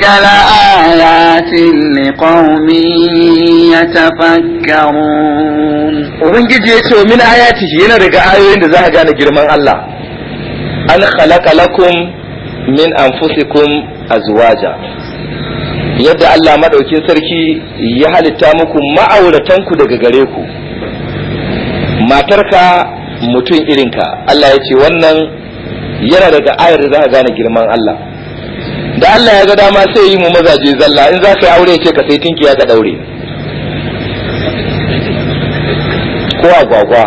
تلك لآيات لقوم يتفكرون ubangiji yace wa min ayatihi yana daga ayoyin da za ka gane girman Allah an khalaqa lakum min anfusikum azwaja yadda Allah maɗaukin sarki ya halitta muku ma'auratanku daga gare ku matarka mutum irinka Allah ya ce wannan yana daga ayar da za ka gane girman Allah da Allah ya ga dama sai yi mu mazaje zalla in za ka yi aure ce ka sai tinkiya ka daure ko agwagwa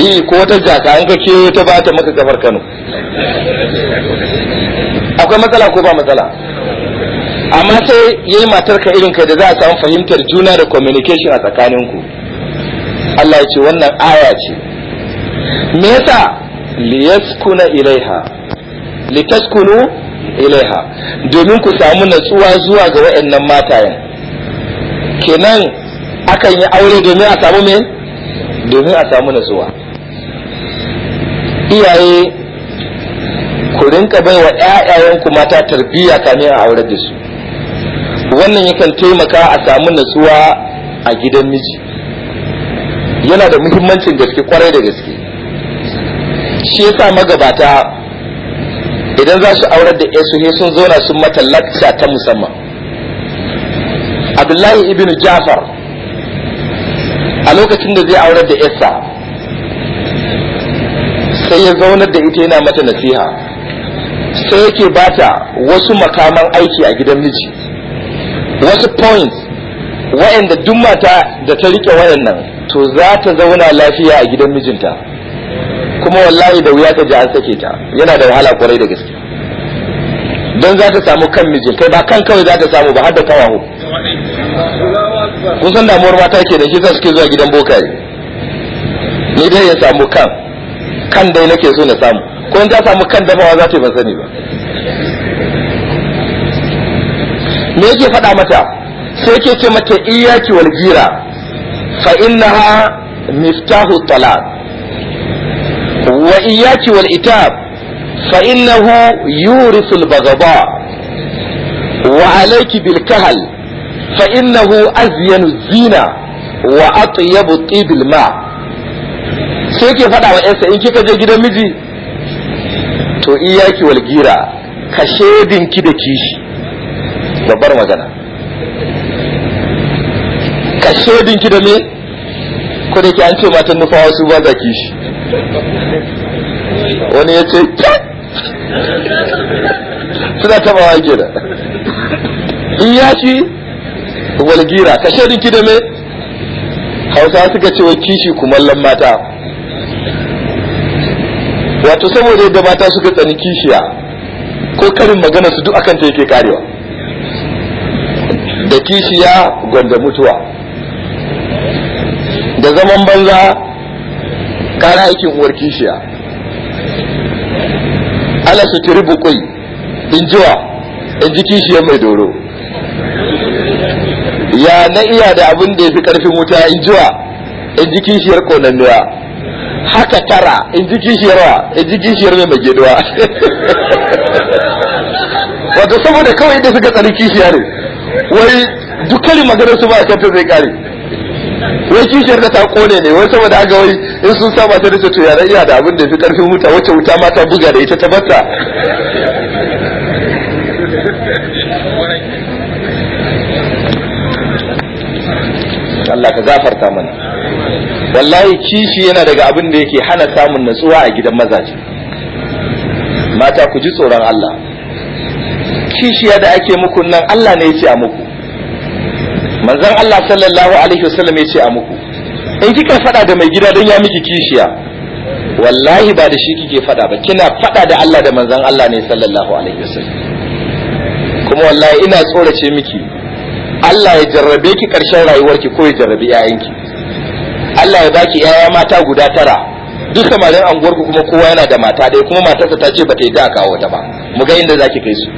eh ko wata jaka an ka kewaye ta bata maka kafar Kano akwai matsala ko ba matsala amma sai yayi matar ka irin kai da za a samu fahimtar juna da communication a tsakaninku Allah ya ce wannan aya ce me yasa liyaskuna ilaiha litaskunu ilaiha domin ku samu natsuwa zuwa ga waɗannan matayen kenan akan yi aure domin a samu me domin a samu natsuwa iyaye ku rinka bai wa ‘ya'yayenku mata tarbiyya kamin a aure da su wannan yakan taimaka a samu natsuwa a gidan miji yana da muhimmancin gaske kwarai da gaske shi yasa magabata idan za su aurar da yasu ne sun zauna sun mata lakta ta musamman abdullahi ibn jafar a lokacin da zai aurar da yasa sai ya zaunar da ita yana mata nasiha sai yake bata wasu makaman aiki a gidan miji wasu points wa'anda duk mata da ta rike wayannan, to za ta zauna lafiya a gidan mijinta kuma wallahi da wuya ta ji an sake ta yana da wahala kwarai da gaske don za ta samu kan mijin kai ba kan kawai za ta samu ba har da kawaho kusan damuwar mata ke da shi suke zuwa gidan bokaye ni dai ya samu kan kan dai nake so na samu ko in ta samu kan dafawa za ta yi ban sani ba me yake faɗa mata sai ke ce mata iyaki wal gira fa innaha miftahu talaq wa iyyaki wal itab fa innahu yurisul bagaba wa alayki bil kahal fa innahu azyanu zina wa atyabu tibil ma sai ke faɗawa wa yansa in kika je gidan miji to iyaki wal gira ka da kishi babbar magana ka shedinki da me ko da an ce matan nufawa su ba za kishi wani ya ce suna taba wage da in ya ci walgira ka shaɗin ki da me hausa suka ce wa kishi kumallon mata wato saboda yadda mata suka tsani kishiya ko karin magana su duk akan ta yake karewa da kishiya gwanda mutuwa da zaman banza kana aikin uwar kishiya ala su tiri bukwai in jiwa in ji kishiyar mai doro ya na iya da abin da ya fi karfin wuta in jiwa in ji kishiyar konannuwa haka tara in ji kishiyar wa in ji kishiyar mai magedowa wato saboda kawai da suka tsari kishiya ne wai dukkanin maganar su ba a kanta zai kare wai kishiyar da ta kone ne wai saboda aga wai in sun saba ta da to yara iya da abin da fi karfin wuta wacce wuta ma ta buga da ita ta batta Allah ka zafarta mana wallahi kishi yana daga abin da yake hana samun natsuwa a gidan mazaje mata ku ji tsoron Allah kishiya da ake muku nan Allah ne ya ce a muku Manzan Allah sallallahu alaihi wasallam ya ce a muku in kika fada da mai gida dan ya miki kishiya wallahi ba da shi kike fada ba kina fada da Allah da manzon Allah ne sallallahu alaihi wasallam kuma wallahi ina tsorace miki Allah ya jarrabe ki karshen rayuwarki ko ya jarrabe yayanki Allah ya baki yaya mata guda tara duk samarin anguwarku kuma kowa yana da mata ɗaya kuma matarsa ta ce ba ta yi da kawo ta ba mu ga inda zaki kai su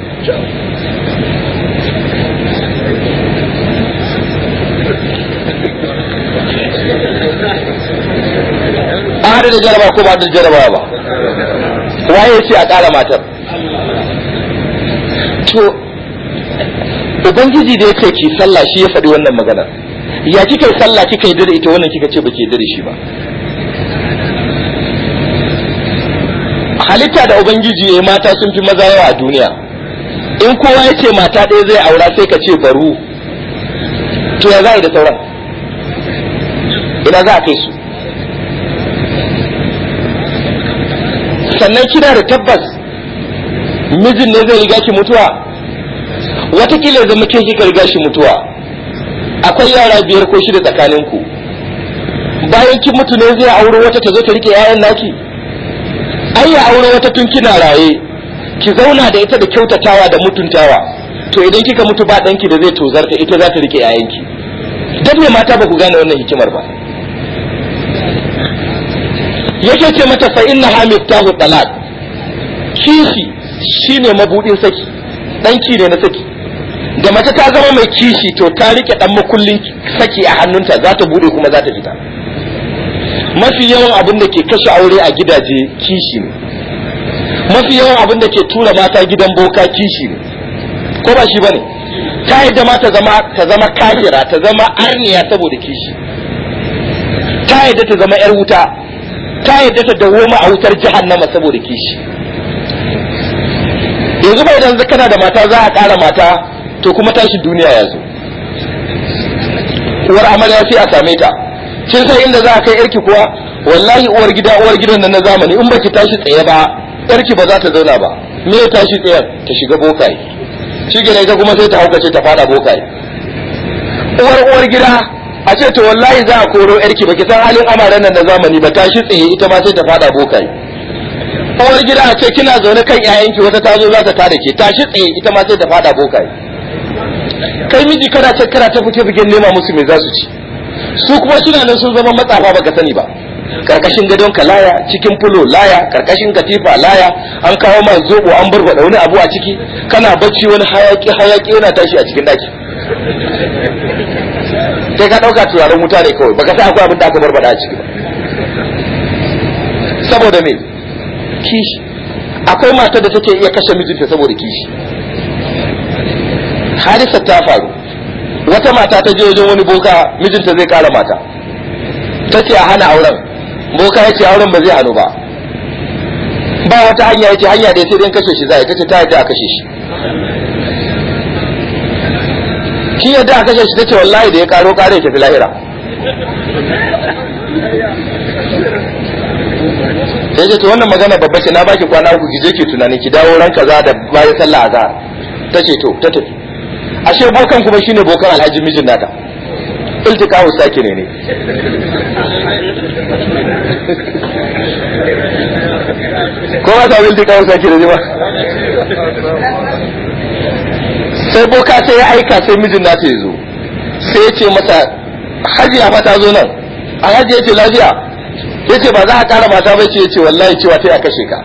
da jaraba ko ba da jaraba ba waye ce a ƙara matar to ubangiji da yake ki sallah shi ya faɗi wannan magana ya kika yi sallah kika yi dare ita wannan kika ce ba ke dare shi ba halitta da ubangiji ya mata sun fi maza yawa a duniya in kowa ya ce mata ɗaya zai aura sai ka ce baru to ya za da sauran ina za a kai su sannan kina da tabbas mijin ne zai riga ki mutuwa watakila zama kin kika riga shi mutuwa akwai yara biyar ko shida tsakaninku bayan kin mutu ne zai auri wata ta zo ta rike yayan naki ai ya aure wata tun kina raye ki zauna da ita da kyautatawa da mutuntawa to idan kika mutu ba danki da zai tozarta ita za ta rike yayanki dan ne mata ba ku gane wannan hikimar ba yake ce mata fa inna ha miftahu talaq kishi shine mabudin saki ki ne na saki da mace ta zama mai kishi to ta rike dan makullin saki a hannunta za ta bude kuma za ta fita mafi yawan abin da ke kashe aure a gidaje kishi ne mafi yawan abin da ke tura mata gidan boka kishi ne ko ba shi bane ta yadda ma ta zama ta zama kafira ta zama arniya saboda kishi ta yadda ta zama yar wuta ta yadda ta dawo ma a wutar jahannama saboda kishi yanzu ba idan kana da mata za a ƙara mata to kuma tashi duniya ya zo uwar amarya sai a same ta kin san inda za a kai yarki kuwa wallahi uwar gida uwar gidan nan na zamani in baki tashi tsaye ba yarki ba za ta zauna ba me ya tashi tsaye ta shiga bokai. shi gina ita kuma sai ta haukace ta fada bokai. uwar uwar gida a ce to wallahi za a koro yarki baki san halin amaran nan na zamani ba ta shi tsaye ita ma sai ta fada bokai uwar gida a ce kina zaune kan ƴaƴanki wata ta zo za ta tada ke ta shi tsaye ita ma sai ta fada bokai kai miji kana ta kana ta fice bigen nema musu me za su ci su kuma suna nan sun zama matsafa baka sani ba karkashin gadon ka laya cikin fulo laya karkashin katifa laya an kawo ma zobo an bar wani abu a ciki kana bacci wani hayaki hayaki yana tashi a cikin daki kai ka dauka turaren wuta ne kawai baka sai akwai abin da aka bar a ciki ba saboda me kishi akwai matar da take iya kashe mijinta saboda kishi harisa ta faru wata mata ta je wajen wani boka mijinta zai kara mata ta ce a hana auren boka ya ce auren ba zai hannu ba ba wata hanya ya ce hanya da ya sai dan kashe shi za a kashe ta yi a kashe shi shi yadda aka kashe shi tace wallahi da ya karo kare ke fi lahira sai ce wannan magana babba ce na baki kwana uku ki je ki tunani ki dawo ran kaza da bayan sallah azhar ce to ta tafi ashe bokan kuma shine bokan alhaji mijin nata iltikahu sake ne ko ba ta iltikahu ne ne ba sai boka sai ya aika sai mijin nata ya zo sai ya ce masa hajiya ba ta zo nan a hajiya ce lafiya ya ce ba za a kara mata ba ce ya ce wallahi cewa ta a kashe ka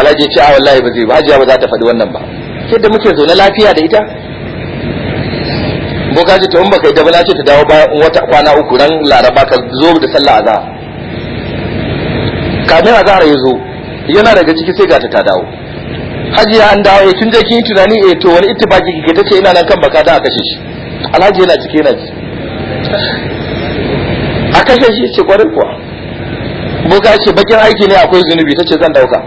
alhaji ya ce a wallahi ba zai ba hajiya ba za ta faɗi wannan ba da muke zaune lafiya da ita boka ce ta in baka yi dama ce ta dawo bayan wata kwana uku nan laraba ka zo da sallah a a kamin a ya zo yana daga ciki sai ga ta dawo hajiya an dawo tun eh, je kin tunani eh to wani ittibaki kike tace ina nan kan baka da aka kashe shi alhaji yana cike yana ji a kashe shi ce kwarin kuwa ga ce bakin aiki ne akwai zunubi tace zan dauka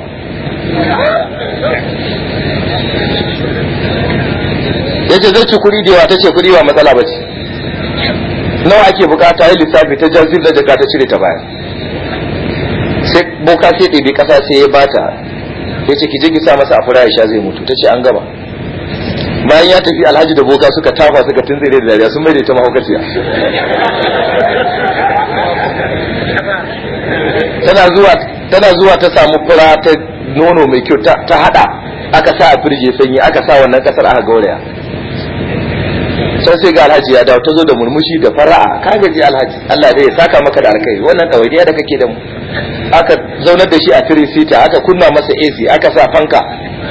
yace zai ci kuɗi da yawa tace kuri ba matsala ba ce nawa ake bukata ya lissafi ta jazil da jaka ta cire ta baya sai boka sai ɗebi ƙasa sai ya bata ya ce ki je ki sa masa a fura ya zai mutu ta ce an gaba. bayan ya tafi alhaji da boka suka tafa suka tuntsire da dariya sun mai ta mahaukaciya tana zuwa tana zuwa ta samu fura ta nono mai kyau ta hada aka sa a firje sanyi aka sa wannan kasar aka gauraya sai sai ga alhaji ya dawo ta zo da murmushi da fara'a ka gaji alhaji Allah dai ya saka maka da alkai wannan ya da kake da mu aka zaunar da shi a firin sita aka kunna masa AC aka sa fanka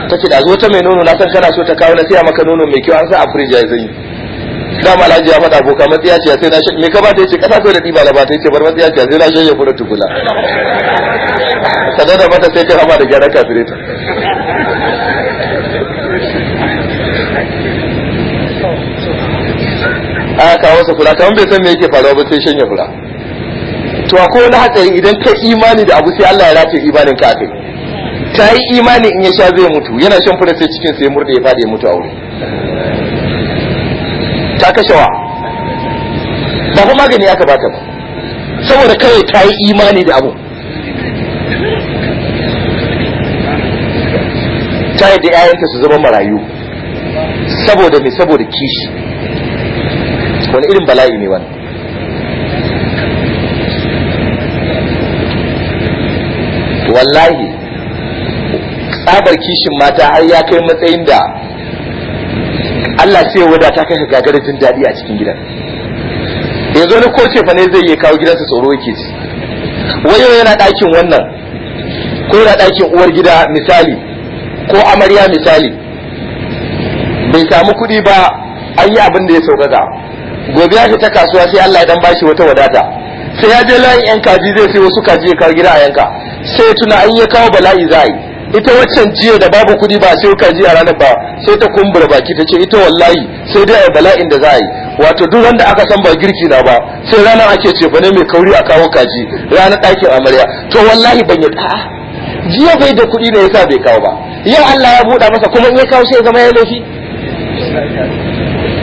ta ce da zo ta mai nono na san kana so ta kawo na siya maka nono mai kyau an sa a firiji ya zanyi dama alhaji ya faɗa boka matsiya ce sai na shi me ka ba ta yace kasa so da diba da ba ta yace bar matsiya ce sai na ya fura tukula sanar da mata sai hama da kawo sa kula kamar bai san me yake faruwa ba sai shanye fura cewa ko wani hatsari idan ka imani da abu sai Allah ya rataye imanin ka kai ta yi imani in ya sha zai mutu yana shan fura sai cikin sai murda ya fadi ya mutu aure ta kashewa ba kuma magani aka bata ba saboda kai ta yi imani da abu ta yadda 'ya'yanta su zama marayu saboda mai saboda kishi wani irin bala'i ne wannan wallahi tsabar kishin mata har ya kai matsayin da Allah sai wada kai kashe gagara jin daɗi a cikin gidan yanzu wani ko ce fa ne zai iya kawo gidansa tsoro yake ci wani yana ɗakin wannan ko yana ɗakin uwar gida misali ko amarya misali bai samu kuɗi ba an yi abin da ya sauƙaƙa gobe ya ta kasuwa sai Allah ya dan bashi wata wadata sai ya je layin yan kaji zai sai wasu kaji ya kawo gida a yanka sai tuna an ya kawo bala'i za yi ita waccan jiya da babu kudi ba sai ka ji a ranar ba sai ta kumbura baki ta ce ita wallahi sai dai a bala'in da za yi wato duk wanda aka san ba girki na ba sai ranar ake ce ne mai kauri a kawo kaji ranar ɗakin amarya to wallahi ban yi a, jiya bai da kudi ne yasa bai kawo ba yau Allah ya buɗa masa kuma in ya kawo sai zama ya laifi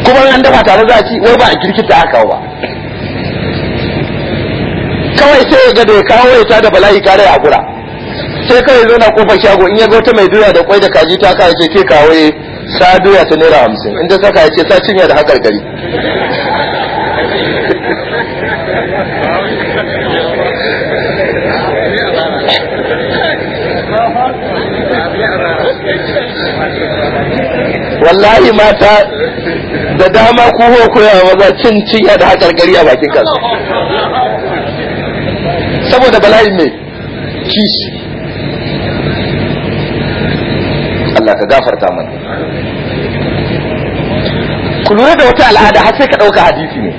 kuma an dafa tare za a ci wai ba a girki ta aka kawo ba kawai sai ga da ya kawo ya tada bala'i kare a gura sai kawai zo na kofar shago in ya zo ta mai doya da kwai da kaji ta kawai ce ke kawai sa doya ta naira hamsin in ta saka ya ce ta cinya da hakar gari wallahi mata da dama ku koyawa maza cin cinya da hakar gari a bakin kansu saboda bala'in mai kishi Allah ka gafarta mana ku lura da wata al'ada har sai ka ɗauka hadisi ne